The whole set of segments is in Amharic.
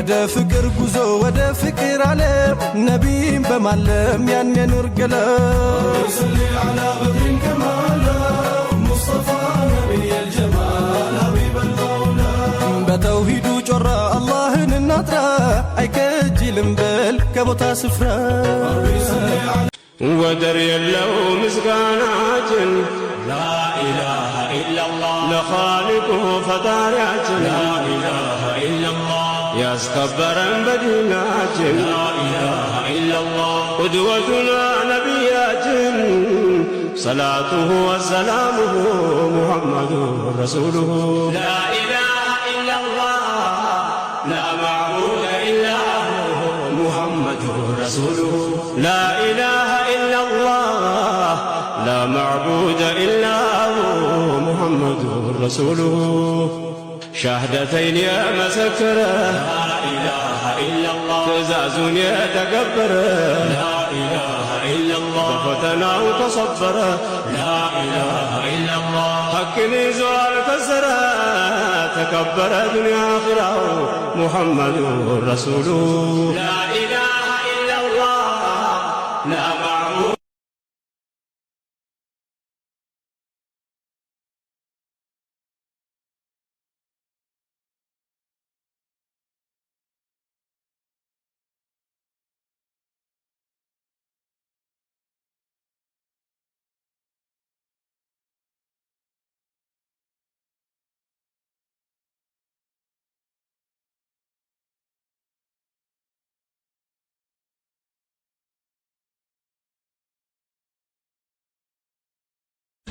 ወደ ፍቅር ጉዞ ወደ ፍቅር ዓለም ነቢይም በማለም ያን የኑር ገለው በተውሂዱ ጮራ አላህን እናጥራ አይከጅልም በል ከቦታ ስፍራ ወደር የለው ምስጋናችን ላኢላሃ ኢላላህ ለኻሊቁ ፈጣሪያችን ላኢላሃ ኢላላህ يا بدينا جن لا إله إلا الله قدوتنا نبيات صلاته وسلامه محمد رسوله لا إله إلا الله لا معبود إلا هو محمد رسوله لا إله إلا الله لا معبود إلا هو محمد رسوله شهدتين يا مسكره لا إله إلا الله تزازون يا تكبره لا إله إلا الله تفتنا وتصبره لا إله إلا الله حكني زوال تسره تكبر دنيا آخره محمد رسوله لا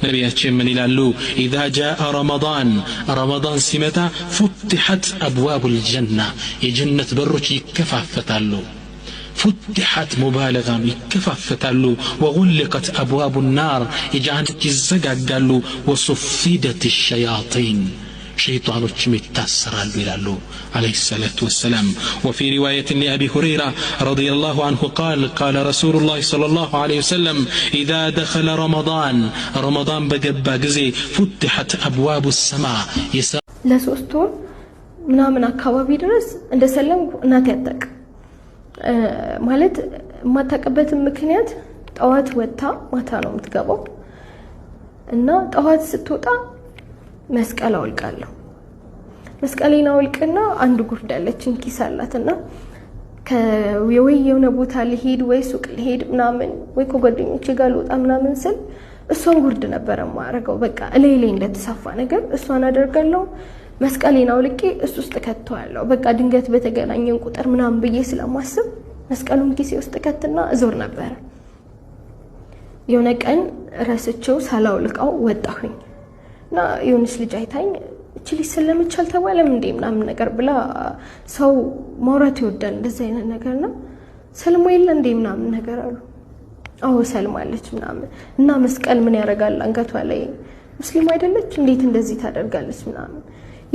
نبياتشم من إلالو إذا جاء رمضان رمضان سمتا فتحت أبواب الجنة يجنة بروش يكفى فتالو فتحت مبالغا ይከፋፈታሉ وغلقت أبواب النار የጀሃነም ይዘጋጋሉ وصفدت الشياطين ሸይጣኖችም ይታሰራሉ ይላሉ አለይሂ ሰላቱ ወሰላም ወፊ ሪዋየት ሊአቢ ሁረይራ ረዲየላሁ አንሁ ቃል ቃለ ረሱሉላህ ሰለላሁ ዐለይሂ ወሰለም ኢዛ ደኸለ ረመዳን ረመዳን በገባ ጊዜ ፉትሐት አብዋቡ ሰማ ለሶስት ወር ምናምን አካባቢ ድረስ እንደሰለምኩ እናቴ አታውቅ ማለት የማታውቅበትን ምክንያት ጠዋት ወጥታ ማታ ነው የምትገባው እና ጠዋት ስትወጣ መስቀል አውልቃለሁ። መስቀሌን አውልቅና አንድ ጉርድ ያለችን ኪስ አላትና ወይ የሆነ ቦታ ልሄድ ወይ ሱቅ ልሄድ ምናምን ወይ ከጓደኞቼ ጋር ልወጣ ምናምን ስል እሷን ጉርድ ነበረ ማረገው። በቃ እላይ ላይ እንደተሰፋ ነገር እሷን አደርጋለሁ። መስቀሌን አውልቄ እሱ ውስጥ ከተዋለሁ። በቃ ድንገት በተገናኘን ቁጥር ምናምን ብዬ ስለማስብ መስቀሉን ጊዜ ውስጥ ከትና እዞር ነበረ። የሆነ ቀን ረስቼው ሳላውልቀው ወጣሁኝ። እና የሆነች ልጅ አይታኝ እቺ ልጅ ስለመች አልተባለም እንዴ ምናምን ነገር ብላ ሰው ማውራት ይወዳል እንደዚህ አይነት ነገር ነው ሰልሞ የለ እንዴ ምናምን ነገር አሉ። አዎ ሰልማለች ምናምን እና መስቀል ምን ያደርጋል አንገቷ ላይ ሙስሊም አይደለች እንዴት እንደዚህ ታደርጋለች ምናምን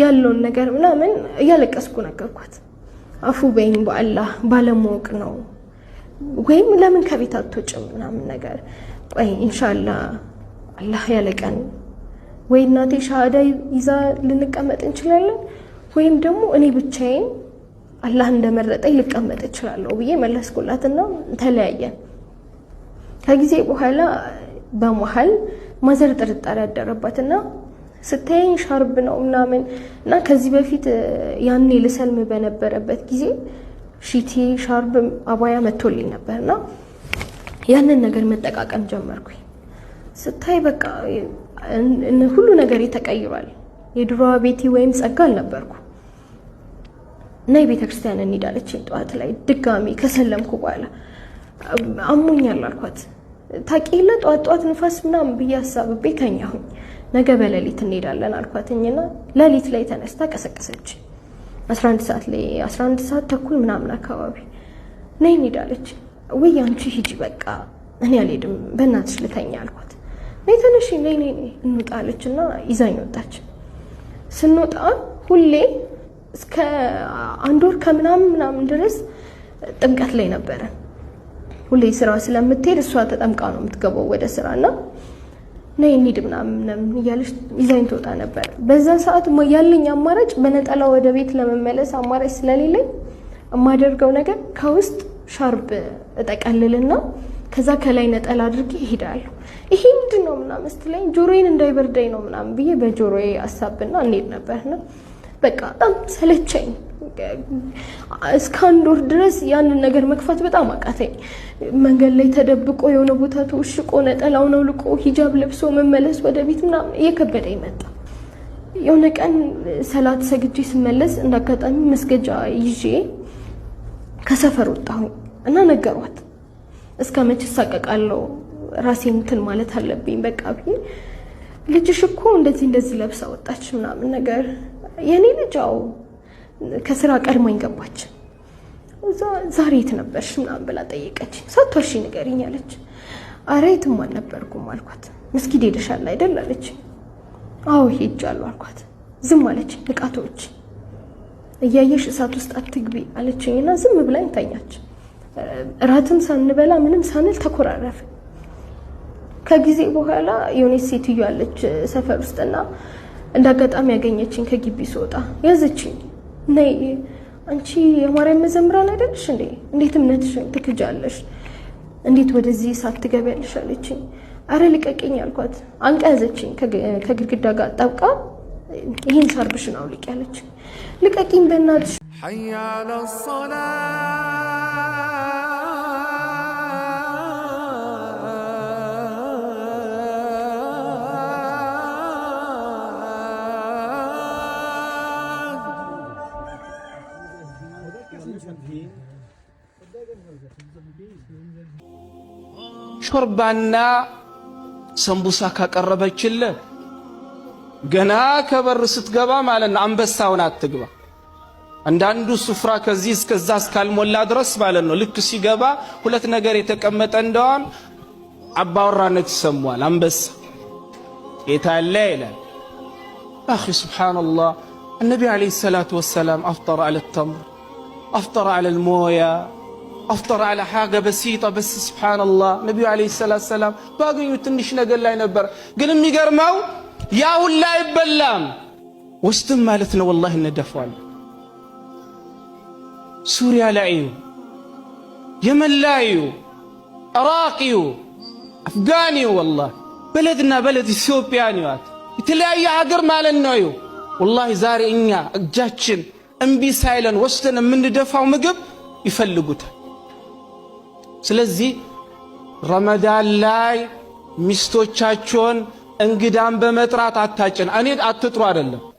ያለውን ነገር ምናምን እያለቀስኩ ነገርኳት። አፉ በይኝ በአላህ ባለማወቅ ነው ወይም ለምን ከቤት አትወጭም ምናምን ነገር ቆይ ኢንሻአላህ አላህ ያለቀን? ወይ እናቴ ሻሃዳ ይዛ ልንቀመጥ እንችላለን፣ ወይም ደግሞ እኔ ብቻዬን አላህ እንደመረጠኝ ልቀመጥ እችላለሁ ብዬ መለስኩላትና ተለያየን። ከጊዜ በኋላ በመሀል ማዘር ጥርጣሬ ያደረባትና ስታየኝ ሻርብ ነው ምናምን እና ከዚህ በፊት ያኔ ልሰልም በነበረበት ጊዜ ሺቴ ሻርብ አባያ መቶልኝ ነበርና ያንን ነገር መጠቃቀም ጀመርኩኝ። ስታይ በቃ ሁሉ ነገር ተቀይሯል። የድሮዋ ቤቲ ወይም ጸጋ አልነበርኩ እና የቤተ ክርስቲያን እንሄዳለች ጠዋት ላይ ድጋሚ ከሰለምኩ በኋላ አሞኛል አልኳት። ታቂ የለ ጠዋት ጠዋት ንፋስ ምናምን ብዬ አሳብቤ ተኛሁኝ። ነገ በሌሊት እንሄዳለን አልኳትኝና ሌሊት ላይ ተነስታ ቀሰቀሰች። 11 ሰዓት ላይ 11 ሰዓት ተኩል ምናምን አካባቢ ነይ እንሄዳለች። ወይ አንቺ ሂጂ በቃ እኔ አልሄድም በእናትሽ ልተኛ አልኳት። ነይ ተነሽ ነይ ነይ እንውጣ አለች እና ይዛኝ ወጣች። ስንወጣ ሁሌ እስከ አንድ ወር ከምናምን ምናምን ድረስ ጥምቀት ላይ ነበረ። ሁሌ ስራ ስለምትሄድ እሷ ተጠምቃ ነው የምትገባው ወደ ስራ እና ነይ እንሂድ ምናምን እያለች ይዛኝ ትወጣ ነበር። በዛ ሰዓት ያለኝ አማራጭ በነጠላ ወደ ቤት ለመመለስ አማራጭ ስለሌለኝ የማደርገው ነገር ከውስጥ ሻርብ እጠቀልልና ከዛ ከላይ ነጠላ አድርጌ ይሄዳለሁ። ይሄ ምንድን ነው ምናምን ስትለኝ ጆሮዬን እንዳይበርደኝ ነው ምናምን ብዬ በጆሮዬ አሳብና እንሄድ ነው በቃ በጣም ሰለቸኝ። እስከ አንድ ወር ድረስ ያንን ነገር መግፋት በጣም አቃተኝ። መንገድ ላይ ተደብቆ የሆነ ቦታ ተውሽቆ ነጠላውን አውልቆ ሂጃብ ለብሶ መመለስ ወደ ቤት ምናምን እየከበደኝ መጣ። የሆነ ቀን ሰላት ሰግጄ ስመለስ እንዳጋጣሚ መስገጃ ይዤ ከሰፈር ወጣሁኝ እና ነገሯት እስከ መቼ እሳቀቃለሁ ራሴ እንትን ማለት አለብኝ በቃ ብዬ ልጅሽ እኮ እንደዚህ እንደዚህ ለብሳ ወጣች ምናምን ነገር የእኔ ልጅ አዎ ከስራ ቀድማኝ ገባች። እዛ ዛሬ የት ነበርሽ ምናምን ብላ ጠየቀች። ሰጥቷሽ ንገሪኝ አለች። አረ የትም አልነበርኩም አልኳት። መስጊድ ሄደሻል አይደል አለች። አዎ ሄጃለሁ አልኳት። ዝም አለች። ንቃቶች እያየሽ እሳት ውስጥ አትግቢ አለችኝና ዝም ብላኝ ተኛች። እራትም ሳንበላ ምንም ሳንል ተኮራረፍን። ከጊዜ በኋላ የሆነች ሴትዮ አለች ሰፈር ውስጥና እንዳጋጣሚ ያገኘችኝ ከግቢ ስወጣ ያዘችኝ። ነይ አንቺ የማርያም መዘምራን አይደለሽ እንዴ? እንዴት እምነትሽን ትክጃለሽ? እንዴት ወደዚህ እሳት ትገቢያለሽ? አለችኝ። አረ ልቀቅኝ ያልኳት አንቃ ያዘችኝ ከግድግዳ ጋር ጠብቃ ይህን ሻርብሽን አውልቅ ያለችኝ። ልቀቂኝ በእናትሽ። ሐያለ ሶላ ሾርባና ሰንቡሳ ካቀረበችልህ ገና ከበር ስትገባ ማለት ነው፣ አንበሳውን አትግባ። አንዳንዱ ስፍራ ከዚህ እስከዛ እስካልሞላ ድረስ ማለት ነው። ልክ ሲገባ ሁለት ነገር የተቀመጠ እንደሆን አባወራነት ይሰማዋል። አንበሳ የታለ ይላል። አኺ ሱብሓነላህ። ነቢ ዓለይሂ ሰላቱ ወሰላም አፍጠር አለ ተምር أفطر على الموية አፍጠር አለ ሓገ በሲጣ በስ ስብሓንላህ ነቢዩ ዓለይሂ ሰላት ሰላም ባገኙ ትንሽ ነገር ላይ ነበር። ግን የሚገርመው ያ ሁላ አይበላም ወስድም ማለት ነው። ወላሂ እነደፏል። ሱሪያ ላይ እዩ፣ የመን ላይ እዩ፣ ኢራቅ እዩ፣ አፍጋን እዩ። ወላሂ በለድና በለድ ኢትዮጵያ ንዋት የተለያየ ሀገር ማለት ነው እዩ። ዛሬ እኛ እጃችን እምቢ ሳይለን ወስደን የምንደፋው ምግብ ይፈልጉታል። ስለዚህ ረመዳን ላይ ሚስቶቻቸውን እንግዳን በመጥራት አታጭን እኔ አትጥሩ አይደለም